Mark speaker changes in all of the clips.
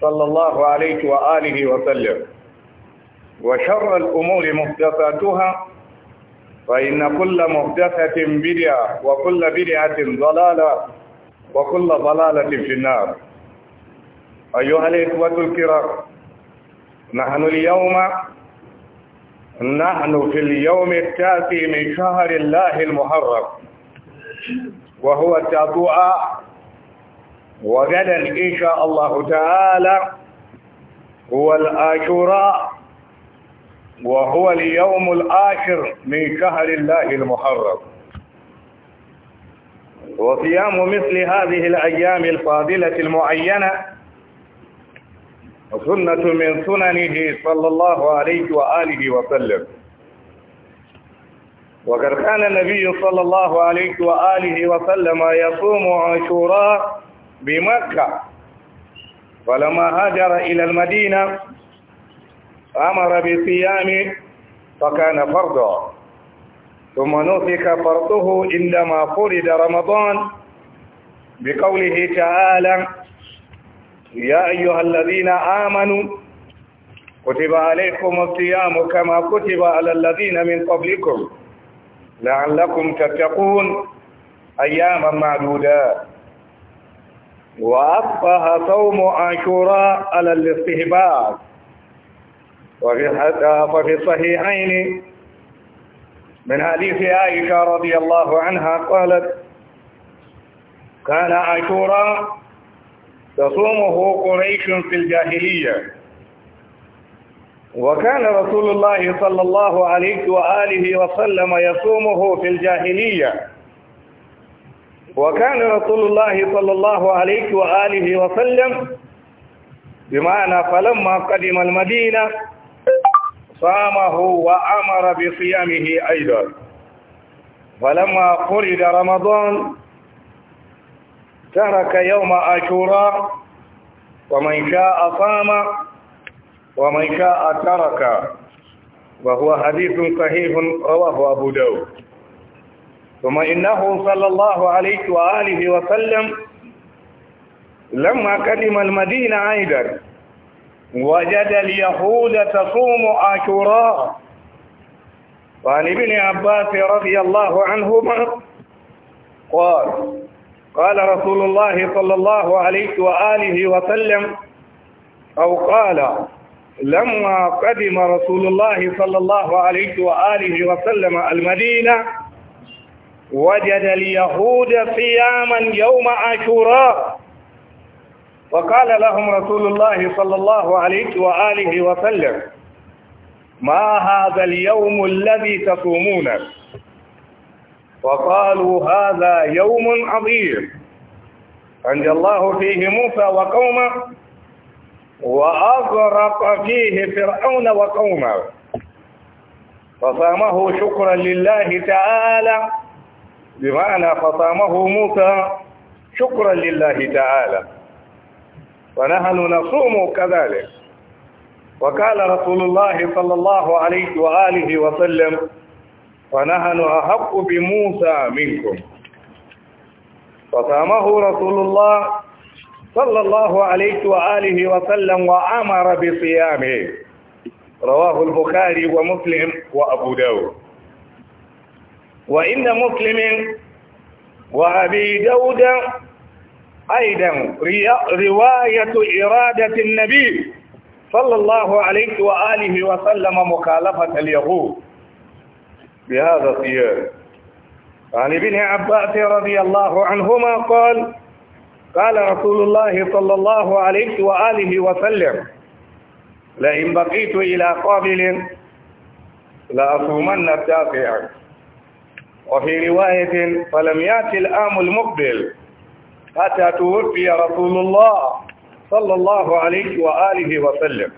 Speaker 1: صلى الله عليه وآله وسلم وشر الأمور محدثاتها فإن كل محدثة بدعة وكل بدعة ضلالة وكل ضلالة في النار أيها الإخوة الكرام نحن اليوم نحن في اليوم التاسع من شهر الله المحرم وهو تابوعة وغدا إن شاء الله تعالى هو الآشوراء وهو اليوم الآخر من شهر الله المحرم وصيام مثل هذه الأيام الفاضلة المعينة سنة من سننه صلى الله عليه وآله وسلم وقد كان النبي صلى الله عليه وآله وسلم يصوم عاشوراء بمكة فلما هاجر إلى المدينة أمر بصيام فكان فرضا ثم نسك فرضه عندما فرد رمضان بقوله تعالى يا أيها الذين آمنوا كتب عليكم الصيام كما كتب على الذين من قبلكم لعلكم تتقون أياما معدودات وأصبح صوم عاشوراء على الاستهباب وفي في الصحيحين من حديث عائشة رضي الله عنها قالت كان عاشوراء تصومه قريش في الجاهلية وكان رسول الله صلى الله عليه وآله وسلم يصومه في الجاهلية وكان رسول الله صلى الله عليه وآله وسلم بمعنى فلما قدم المدينة صامه وأمر بصيامه أيضا فلما فرد رمضان ترك يوم عاشوراء ومن شاء صام ومن شاء ترك وهو حديث صحيح رواه أبو داود ثم إنه صلى الله عليه وآله وسلم لما قدم المدينة أيضا وجد اليهود تصوم عاشوراء وعن ابن عباس رضي الله عنهما قال قال رسول الله صلى الله عليه وآله وسلم أو قال لما قدم رسول الله صلى الله عليه وآله وسلم المدينة وجد اليهود صياما يوم عاشوراء وقال لهم رسول الله صلى الله عليه وآله وسلم ما هذا اليوم الذي تصومونه فقالوا هذا يوم عظيم عند الله فيه موسى وقومه وأغرق فيه فرعون وقومه فصامه شكرا لله تعالى بمعنى فصامه موسى شكرا لله تعالى ونحن نصوم كذلك وقال رسول الله صلى الله عليه وآله وسلم ونحن أحق بموسى منكم فصامه رسول الله صلى الله عليه وآله وسلم وأمر بصيامه رواه البخاري ومسلم وأبو داود وإن مسلم وأبي داود أيضا رواية إرادة النبي صلى الله عليه وآله وسلم مخالفة اليهود بهذا الصيام عن ابن عباس رضي الله عنهما قال قال رسول الله صلى الله عليه وآله وسلم لئن بقيت إلى قابل لأصومن التاسع وفي رواية فلم يأتي الآم المقبل حتى توفي رسول الله صلى الله عليه وآله وسلم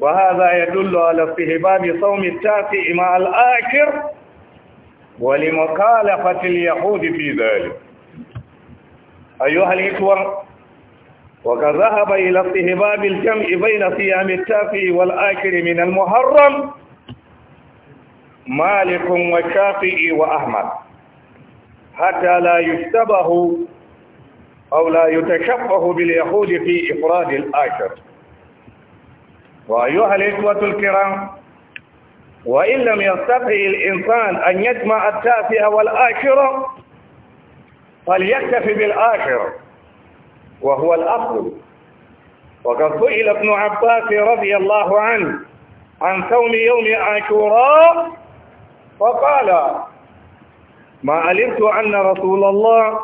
Speaker 1: وهذا يدل على استهباب صوم التاسع مع الآخر ولمخالفة اليهود في ذلك أيها الإخوة وقد ذهب إلى استهباب الجمع بين صيام التاسع والآخر من المحرم مالك وشافئي وأحمد حتى لا يشتبه أو لا يتشبه باليهود في إفراد الآشر وأيها الإخوة الكرام وإن لم يستطع الإنسان أن يجمع التاسع والآشر فليكتفي بالآشر وهو الأصل وقد سئل ابن عباس رضي الله عنه عن صوم يوم عاشوراء فقال ما علمت أن رسول الله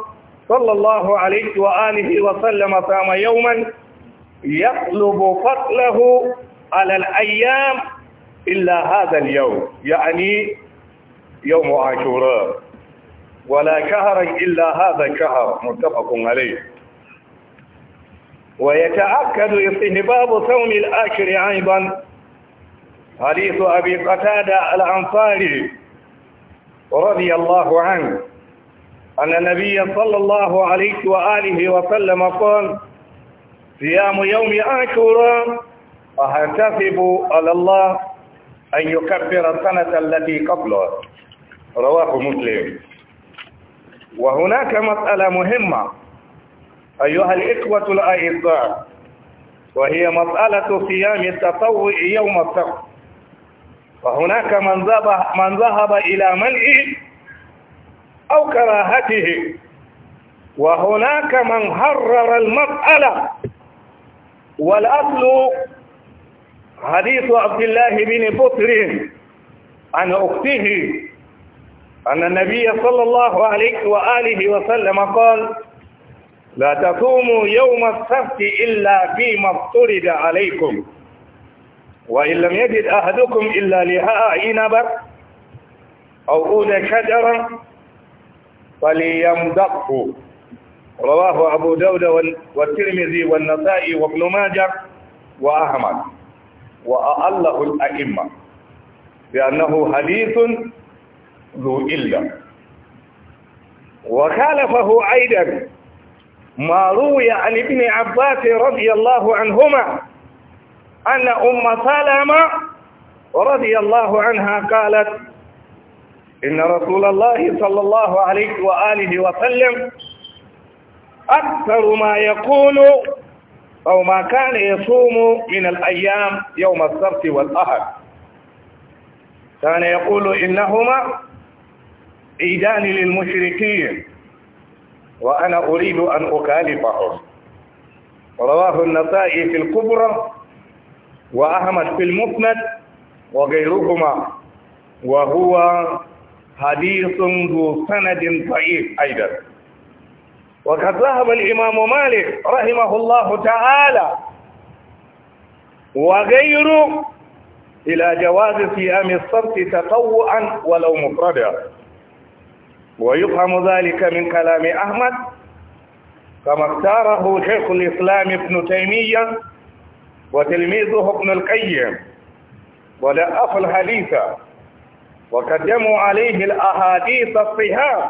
Speaker 1: صلى الله عليه وآله وسلم صام يوما يطلب فضله على الأيام إلا هذا اليوم يعني يوم عاشوراء ولا شهر إلا هذا الشهر متفق عليه ويتأكد استهباب صوم الآشر أيضا حديث أبي قتادة الأنصاري رضي الله عنه أن النبي صلى الله عليه وآله وسلم قال صيام يوم عاشوراء أحتسب على الله أن يكفر السنة التي قبله رواه مسلم وهناك مسألة مهمة أيها الإخوة الأعزاء وهي مسألة صيام التطوع يوم السبت فهناك من ذهب من ذهب إلى منعه أو كراهته وهناك من حرر المسألة والأصل حديث عبد الله بن بطر عن أخته أن النبي صلى الله عليه وآله وسلم قال لا تصوموا يوم السبت إلا فيما افترض عليكم وإن لم يجد أحدكم إلا لهاء عنبا أو أود شجرا فليمدقه رواه أبو داود والترمذي والنسائي وابن ماجه وأحمد وأأله الأئمة بأنه حديث ذو إلا وخالفه أيضا ما روي عن ابن عباس رضي الله عنهما أن أم سلمة رضي الله عنها قالت إن رسول الله صلى الله عليه وآله وسلم أكثر ما يقول أو ما كان يصوم من الأيام يوم السبت والأحد كان يقول إنهما عيدان للمشركين وأنا أريد أن أكالفهم رواه النسائي في الكبرى وأحمد في المسند وغيرهما وهو حديث ذو سند ضعيف أيضا وقد ذهب الإمام مالك رحمه الله تعالى وغيره إلى جواز صيام الصرف تطوعا ولو مفردا ويفهم ذلك من كلام أحمد كما اختاره شيخ الإسلام ابن تيمية وتلميذه ابن القيم ولأف الحديث وقدموا عليه الأحاديث الصهام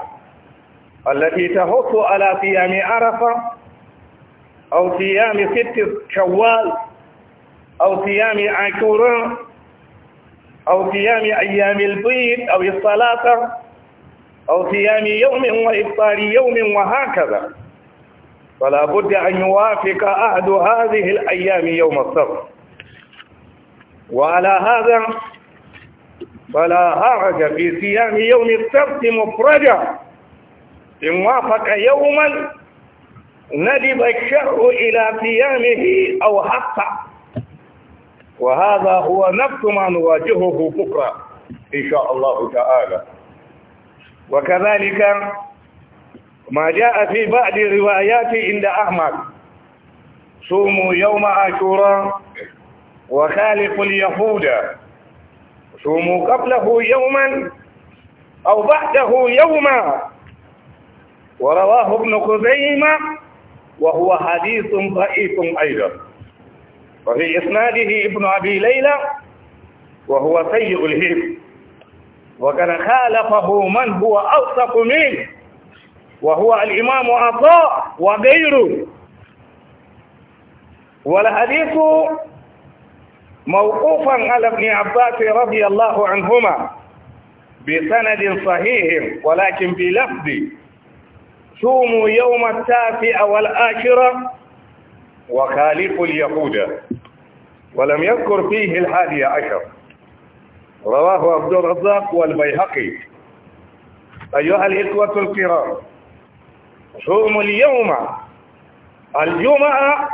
Speaker 1: التي تهص على صيام عرفة أو صيام ست شوال أو صيام عاشوراء أو صيام أيام البيض أو الصلاة أو صيام يوم وإفطار يوم وهكذا فلا بد أن يوافق أحد هذه الأيام يوم الصبح وعلى هذا فلا حرج في صيام يوم السبت مفرجا إن وافق يوما ندب الشرع إلى صيامه أو حقا وهذا هو نفس ما نواجهه بكرة إن شاء الله تعالى وكذلك ما جاء في بعض الروايات عند أحمد صوموا يوم عاشوراء وخالق اليهود صوموا قبله يوما أو بعده يوما ورواه ابن خزيمة وهو حديث ضعيف أيضا وفي إسناده ابن أبي ليلى وهو سيء الهيب وكان خالفه من هو أوثق منه وهو الإمام عطاء وغيره والحديث موقوفا على ابن عباس رضي الله عنهما بسند صحيح ولكن بلفظ صوموا يوم التاسع والآشرة وخالفوا اليهود ولم يذكر فيه الحادي عشر رواه عبد الرزاق والبيهقي أيها الإخوة الكرام هم اليوم الجمعة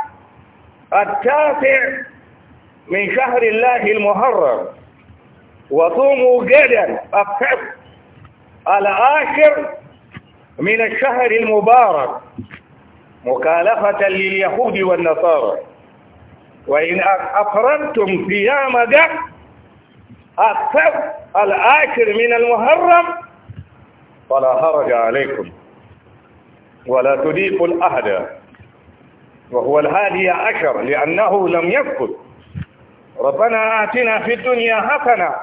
Speaker 1: التاسع من شهر الله المحرم وصوموا غدا الصف العاشر من الشهر المبارك مكالفة لليهود والنصارى وإن أفردتم صيام غد الصف العاشر من المحرم فلا هرج عليكم ولا تضيق الأهدى وهو الهادي عشر لأنه لم يسكت ربنا آتنا في الدنيا حسنة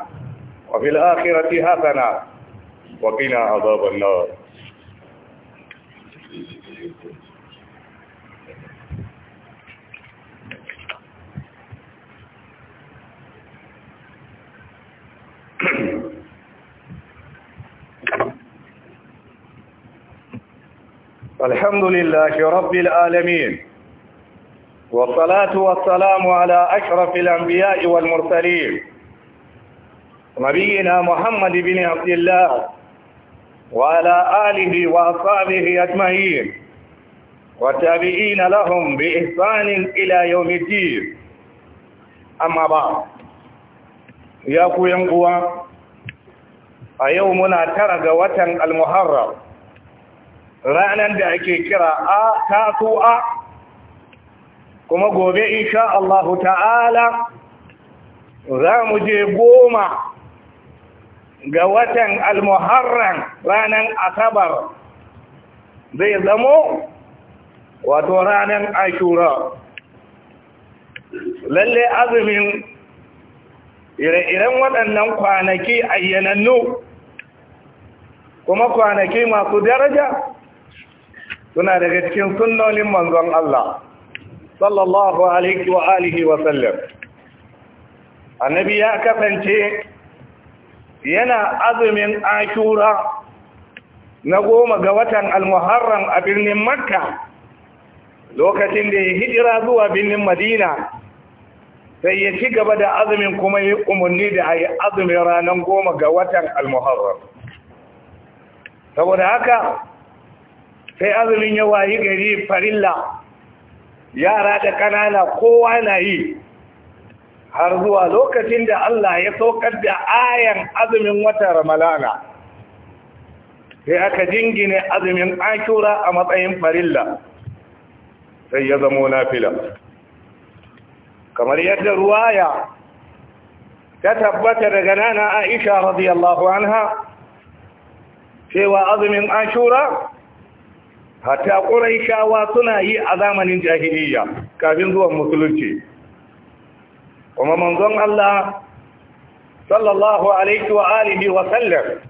Speaker 1: وفي الآخرة حسنة وقنا عذاب النار الحمد لله رب العالمين والصلاة والسلام على أشرف الأنبياء والمرسلين نبينا محمد بن عبد الله وعلى آله وأصحابه أجمعين والتابعين لهم بإحسان إلى يوم الدين أما بعد يا قوة a yau muna وتن ga ranar da ake kira a tasu'a kuma gobe insha Allah ta'ala za mu je goma ga watan almuharran ranar asabar zai zamo wato ranar ashura lalle azumin ire-iren waɗannan kwanaki ayyanannu kuma kwanaki masu daraja suna daga cikin sunnonin manzon Allah sallallahu alaihi wa alihi wa sallam annabi ya kasance yana azumin ashura na goma ga watan Al-Muharram a birnin makka lokacin da ya hijira zuwa birnin madina sai ya ci gaba da azumin kuma ya umarni da a yi azumin ranar goma ga watan almuharram saboda haka sai azumin yawa yi gari farilla yara da ƙanana kowa na yi har zuwa lokacin da Allah ya saukar da ayan azumin wata ramalana sai aka jingine azumin akura a matsayin farilla sai ya zamo fila. kamar yadda ruwaya ta tabbata daga nana aisha radiyallahu anha cewa azumin ashura hatta shawa suna yi a zamanin jahiliya kafin zuwan musulunci kuma manzon Allah sallallahu alaihi wa alihi wa sallam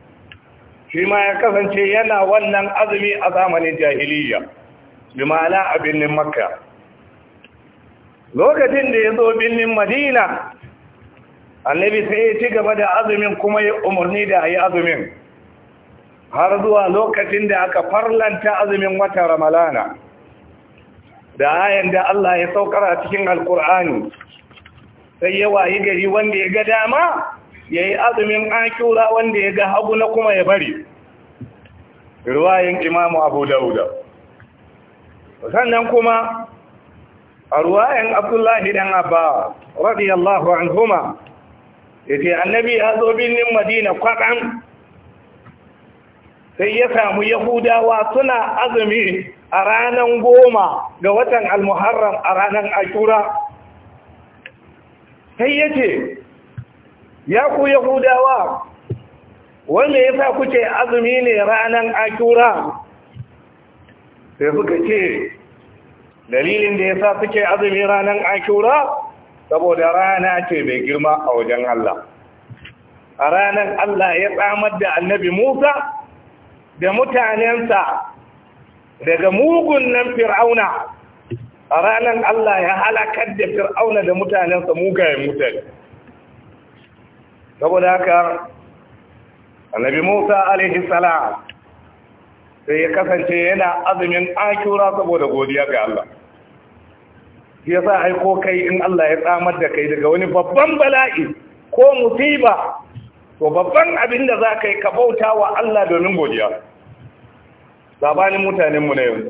Speaker 1: shi ma ya kasance yana wannan azumi a zamanin jahiliya bi ma'ana a birnin makka lokacin da ya zo birnin madina annabi sai ya ci gaba da azumin kuma ya umarni da a yi azumin har zuwa lokacin da aka farlanta azumin watan ramalana da ayan da Allah ya saukar a cikin alkur'ani sai ya wayi gari wanda ya ga dama ya yi azumin akura wanda ya ga hagu na kuma ya bari ruwayin imamu abu dauda sannan kuma a ruwayin abdullahi dan abba radiyallahu anhuma ya ce annabi ya zo birnin madina kwaɗan sai ya samu yahudawa suna azumi a ranar goma ga watan almuharram a ranar ashura sai ya ce ya ku yahudawa wanda ya sa kuke azumi ne ranar ashura sai suka ce dalilin da ya sa suke azumi ranar ashura saboda rana ce mai girma a wajen Allah a ranar Allah ya tsamar da annabi Musa da mutanensa daga mugun nan fir'auna a ranar Allah ya halakar da fir'auna da mutanensa mugayen mutane saboda haka annabi musa alaihi salam sai ya kasance yana azumin akura saboda godiya ga Allah ya sa aiko kai in Allah ya tsamar da kai daga wani babban bala'i ko musiba to babban abin da za ka yi ka bauta wa Allah domin godiya sabanin mutanenmu na yau.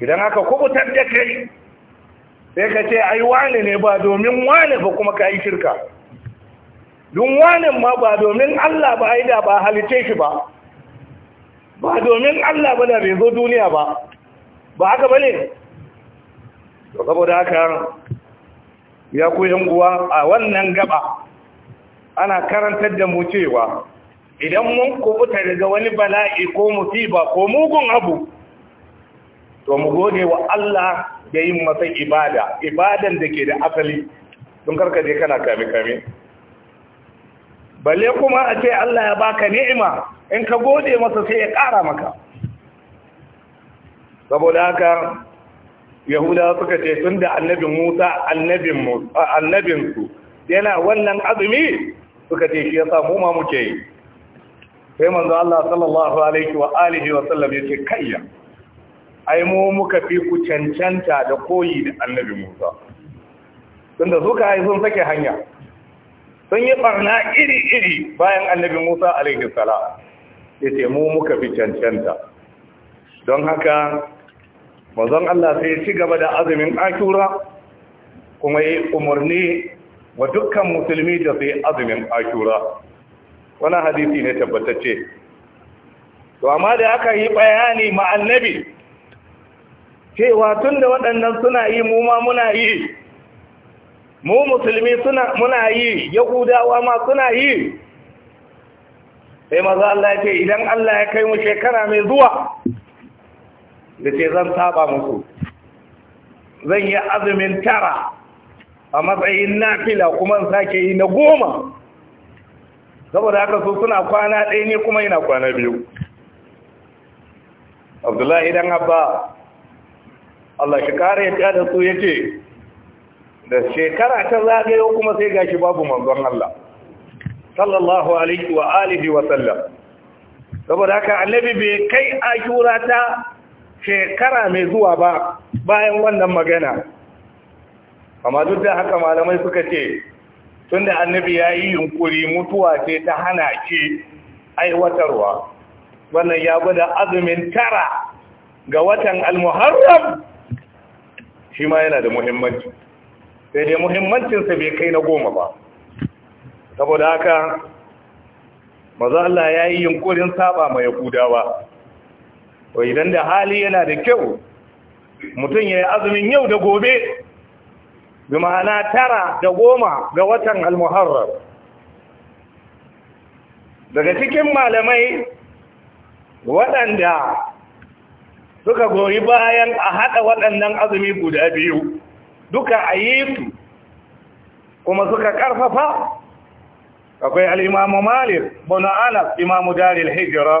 Speaker 1: idan aka kubutar da kai sai ka ce ai wane ne ba domin wane ba kuma ka yi shirka don wane ma ba domin Allah ba aida ba halice shi ba ba domin Allah ba da bai zo duniya ba ba haka ba ne to saboda haka ya ku yan uwa a wannan gaba ana karantar da mu cewa idan mun kubuta daga wani bala'i ko musiba ko mugun abu to mu gode wa Allah da yin masa ibada ibadan da ke da asali don je kana kame-kame balle kuma a ce Allah ya baka ni'ima in ka gode masa sai ya ƙara maka saboda haka yahuda suka ce tun da annabin musa annabinsu yana wannan azumi suka ce shi ya samu ma muke yi sai manzo Allah sallallahu alaihi wa alihi wa sallam kayya ai mu muka fi ku cancanta da koyi da annabi Musa tunda suka ai sun sake hanya sun yi barna iri-iri bayan annabi Musa alaihi salam yace mu muka fi cancanta don haka manzon Allah sai ci gaba da azumin akura kuma yi umarni wa dukkan musulmi da sai azumin akura wani hadisi ne tabbatacce to amma da aka yi bayani ma annabi cewa tun da waɗannan suna yi mu ma muna yi mu musulmi muna yi yahudawa ma suna yi sai maza Allah ce idan Allah ya kai mu shekara mai zuwa da ce zan saba musu zan yi azumin tara a matsayin nafila kuma sake yi na goma saboda haka su suna kwana ɗaya ne kuma yana kwana biyu abdullahi idan abba Allah shi kare ya da su ya ce da shekara ta zagayo kuma sai gashi babu manzon Allah sallallahu alaihi wa alihi wa sallam saboda haka annabi bai kai ashura ta shekara mai zuwa ba bayan wannan magana amma duk da haka malamai suka ce tun da annabi ya yi yunkuri mutuwa ce ta hana ke aiwatarwa wannan ya gwada azumin tara ga watan almuharram shi ma yana da muhimmanci sai dai muhimmancinsa bai kai na goma ba saboda haka maza Allah ya yi yunkurin saba mai yahudawa wa idan da hali yana da kyau mutum ya yi azumin yau da gobe bi tara da goma ga watan al daga cikin malamai waɗanda suka goyi bayan a haɗa waɗannan azumi guda biyu duka a yi su kuma suka ƙarfafa akwai al'imamu malik bin anas imamu daril hijira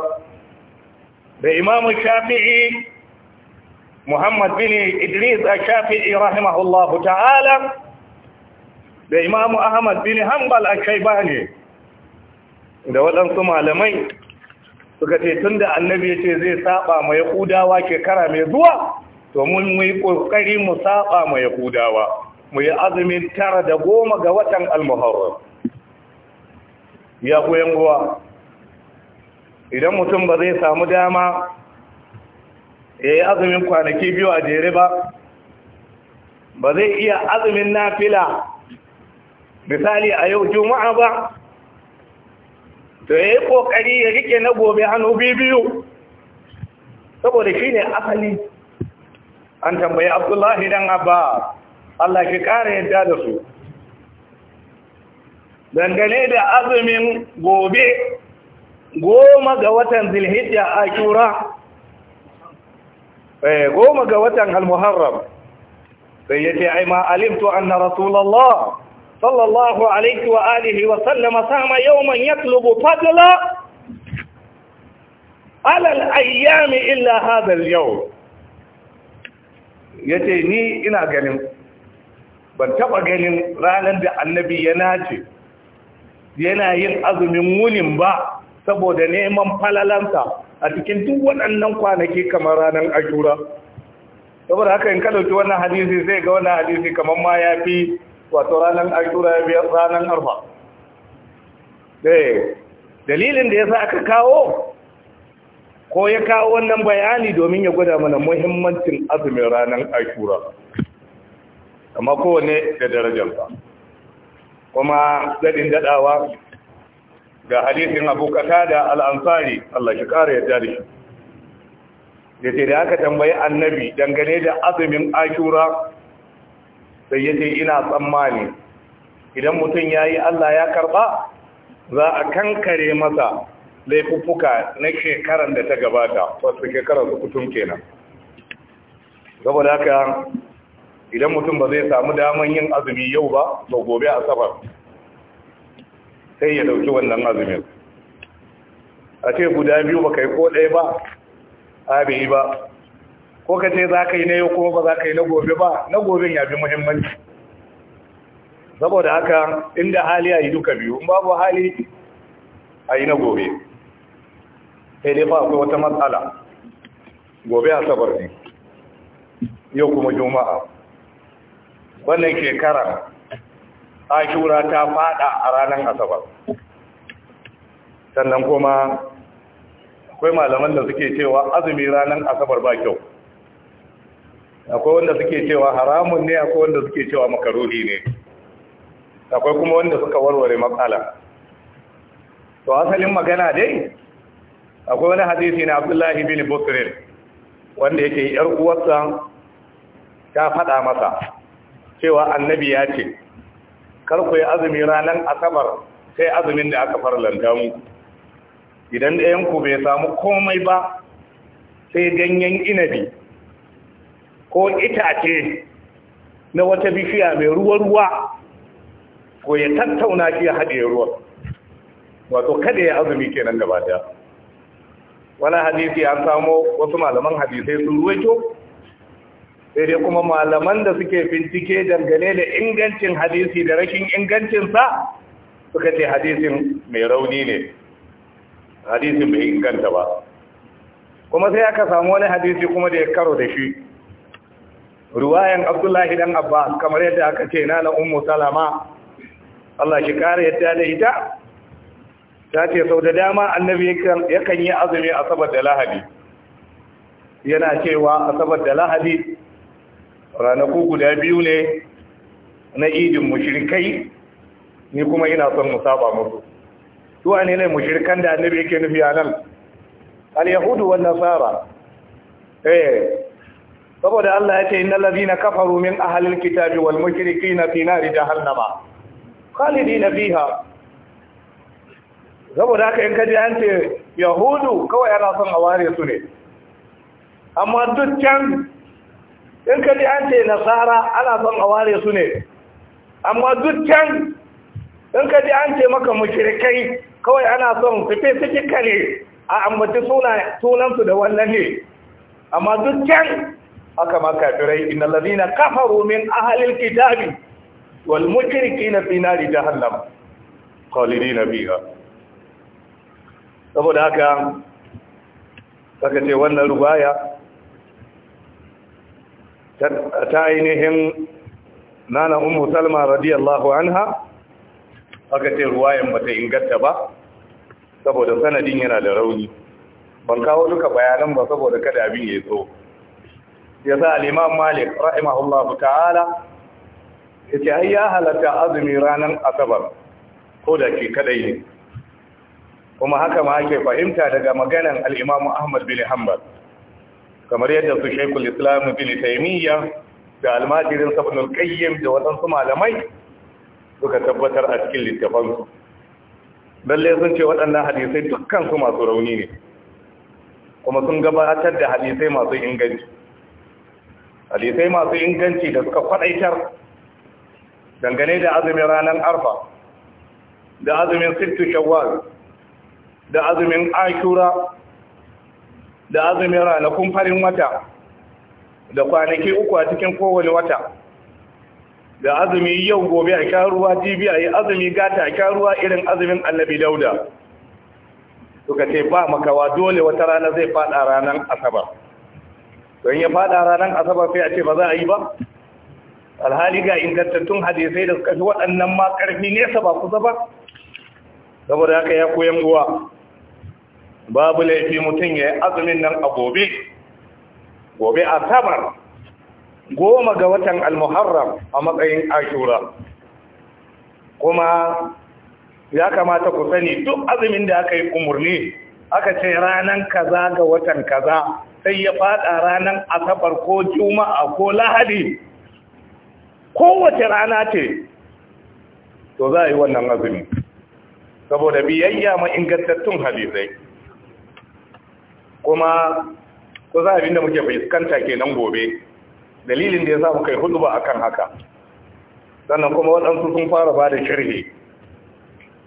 Speaker 1: da imamu shafi'i muhammad bin idris al shafi'i rahimahullahu ta'ala da imamu ahmad bin hanbal a shaybani da waɗansu malamai suka ce tun da annabi ya ce zai saba mai yahudawa shekara mai zuwa to mun yi ƙoƙari mu saba mai yahudawa mu yi azumin tara da goma ga watan al Al-Muharram ya koyan guwa idan mutum ba zai samu dama ya eh, yi azumin kwanaki biyu a jere ba ba zai iya azumin nafila misali a yau juma'a ba to ya yi kokari ya rike na gobe hannu biyu saboda shi ne asali an tambayi abdullahi don abba Allah ki kara yadda da su dangane da azumin gobe goma ga watan zilhijja a kura Eh, goma ga watan al-muharram sai yace ai ma alimtu anna rasulullah sallallahu alaihi wa alihi wa sallama sama yawman yatlubu fadla ala al-ayyami illa hadha al-yawm yace ni ina ganin ban taba ganin ranar da annabi ya nace yana yin azumin wunin ba saboda neman falalansa a cikin duk waɗannan kwanaki kamar ranar ashura saboda haka in ka ɗauki wannan hadisi zai ga wannan hadisi kamar ma ya fi wato ranar ashura ya biyar ranar arfa eh, dalilin da ya sa aka kawo ko ya kawo wannan bayani domin ya gwada mana muhimmancin azumin ranar ashura amma kowane da darajarsa kuma daɗin daɗawa ga hadisin abu da al'ansari Allah shi ƙara ya da shi da ce da aka tambayi annabi dangane da azumin ashura sai ya ina tsammani idan mutum ya yi Allah ya karɓa za a kankare masa laifuffuka na shekaran da ta gabata wasu shekarar su kutum kenan saboda haka idan mutum ba zai samu daman yin azumi yau ba to gobe a safar sai ya dauki wannan azumin a ce guda biyu ba kai ko ɗaya ba yi ba ko ka ce za ka yi na yau kuma ba za ka yi na gobe ba na gobe ya fi muhimmanci saboda haka inda hali a yi duka biyu in babu hali a yi na gobe sai dai fa akwai wata matsala gobe asabar ne yau kuma juma'a wannan shekara ashura ta fada a ranar asabar sannan kuma akwai malaman da suke cewa azumi ranar asabar ba kyau akwai wanda suke cewa haramun ne akwai wanda suke cewa makaruhi ne akwai kuma wanda suka warware matsala to asalin magana dai akwai wani hadisi na abdullahi bin bukirin wanda yake yar uwarsa ta faɗa masa cewa annabi ya ce kar ku yi azumi ranar asabar sai azumin da aka farlanta mu idan ɗayan ku bai samu komai ba sai ganyen inabi ko itace na wata bishiya mai ruwa-ruwa ko ya tattauna shi ya haɗe ruwa wato kada ya azumi kenan gaba daya wani hadisi an samo wasu malaman hadisai sun ruwaito sai dai kuma malaman da suke bincike dangane da ingancin hadisi da rashin ingancinsa suka ce hadisin mai rauni ne hadisin bai inganta ba kuma sai aka samu wani hadisi kuma da ya karo da shi ruwayan abdullahi dan abba kamar yadda aka ce na na ummu salama Allah shi kare yadda da ita ta ce sau da dama annabi yakan yi azumi a da lahadi yana cewa asabar da lahadi ranaku guda biyu ne na idin mushrikai ni kuma ina son mu saba musu su ne ne mushirkan da annabi yake nufi a nan al-yahudu wan nasara eh saboda Allah ya ce innal ladina kafaru min al kitabi wal mushrikina fi nar jahannama khalidina fiha saboda haka in kaje an ce yahudu kawai ana son a ware su ne amma duk can in ka ji an ce nasara ana son a ware su ne amma duk can in ka ji an ce maka mashirikai kawai ana son su fi suke a ambaci sunansu da wannan ne amma duk can aka ma ina lalina kafa kafaru a halin kitabi wal finari da nari jahannam na biya saboda haka saka ce wannan rubaya ta ainihin nana umu salma radiyallahu anha aka ce ruwayan bata inganta ba saboda sanadin yana da rauni ban kawo duka bayanan ba saboda kada abin ya so ya sa al malik rahimahullahu ta'ala ce ai ya halatta azumi ranar asabar ko da ke kadai ne kuma haka ma ake fahimta daga maganan al ahmad bin hanbal kamar yadda su shaikul islam bin taimiyya da almajirin sabon qayyim da waɗansu malamai suka tabbatar a cikin littafansu lalle sun ce waɗannan hadisai dukkan su masu rauni ne kuma sun gabatar da hadisai masu inganci hadisai masu inganci da suka kwaɗaitar dangane da azumin ranar arfa da azumin sittu shawwal da azumin ashura da azumin ranakun farin wata da kwanaki uku a cikin kowane wata da azumi yau gobe a kyaruwa jibi a yi azumi gata a kyaruwa irin azumin annabi dauda suka ce ba makawa dole wata rana zai fada ranar asabar don ya fada ranar asabar sai a ce ba za a yi ba alhali ga ingantattun hadisai da suka fi waɗannan ma nesa ba kusa ba saboda haka ya koyan guwa babu laifi mutum ya yi azumin nan a gobe gobe a tamar goma ga watan almuharram a matsayin ashura kuma ya kamata ku sani duk azumin da aka yi umarni aka ce ranar kaza ga watan kaza sai ya fada ranar asabar ko juma'a ko lahadi kowace rana ce to za a yi wannan azumi saboda biyayya ma ingantattun hadisai kuma kusa abin da muke fuskanta kenan gobe dalilin da ya sa muka hudu ba akan haka sannan kuma waɗansu sun fara ba da shirhe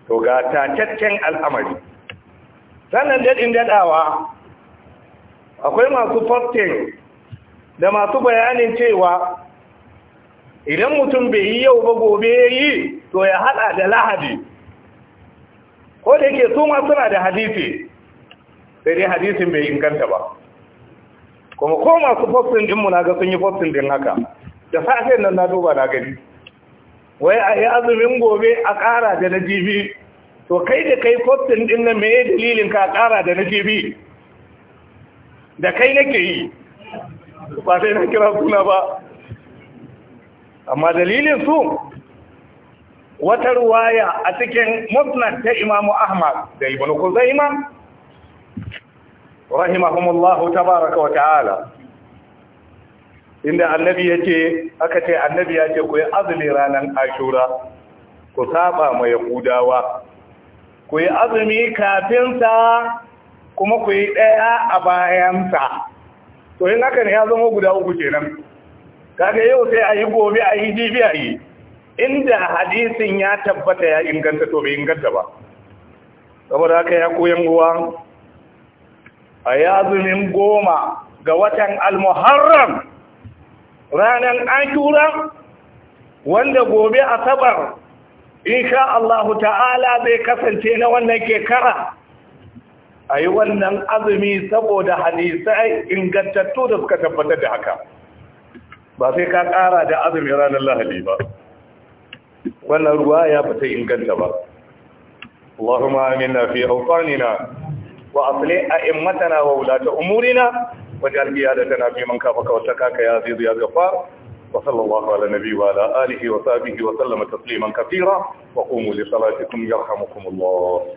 Speaker 1: to ga tataccen al'amari sannan daɗin daɗawa akwai masu fostin, da masu bayanin cewa idan mutum bai yi yau ba gobe ya yi to ya haɗa da lahadi ko da yake su ma suna da hadisi sai dai hadisin bai inganta ba kuma ko masu fostin dinmu na ga sun yi fostin din haka da safe nan na duba na gani wai a yi azumin gobe a kara da na jibi to kai da kai fostin din na mai dalilin ka ƙara da na jibi da kai nake yi ba sai na kira suna ba amma dalilin su wata ruwaya a cikin musnad ta imamu ahmad da ibn kuzaima rahimahumullahu tabaraka wa ta'ala inda annabi yake aka ce annabi yake ku yi azumi ranar ashura ku saba ma yahudawa ku yi azumi kafinsa kuma ku yi ɗaya a bayansa to yin haka ne ya zama guda uku kenan kaga yau sai ayi gobe ayi yi jibi a inda hadisin ya tabbata ya inganta to bai inganta ba saboda haka ya koyan uwa a yazumin goma ga watan almuharram ranar ashura wanda gobe asabar insha allah ta'ala zai kasance na wannan kekara a yi wannan azumi saboda hadisai ingantattu da suka tabbatar da haka ba sai ka ƙara da azumi ranar lahadi ba wannan ruwa ya fita inganta ba Allahumma amina fi auqanina wa afle a immatana wa wulata umurina wa jalbiya da tana bi man kafa kawata kaka ya zai zuya zai fa wa sallallahu ala nabi wa ala alihi wa sahbihi wa sallama tasliman kafira wa qumu li salatikum yarhamukumullah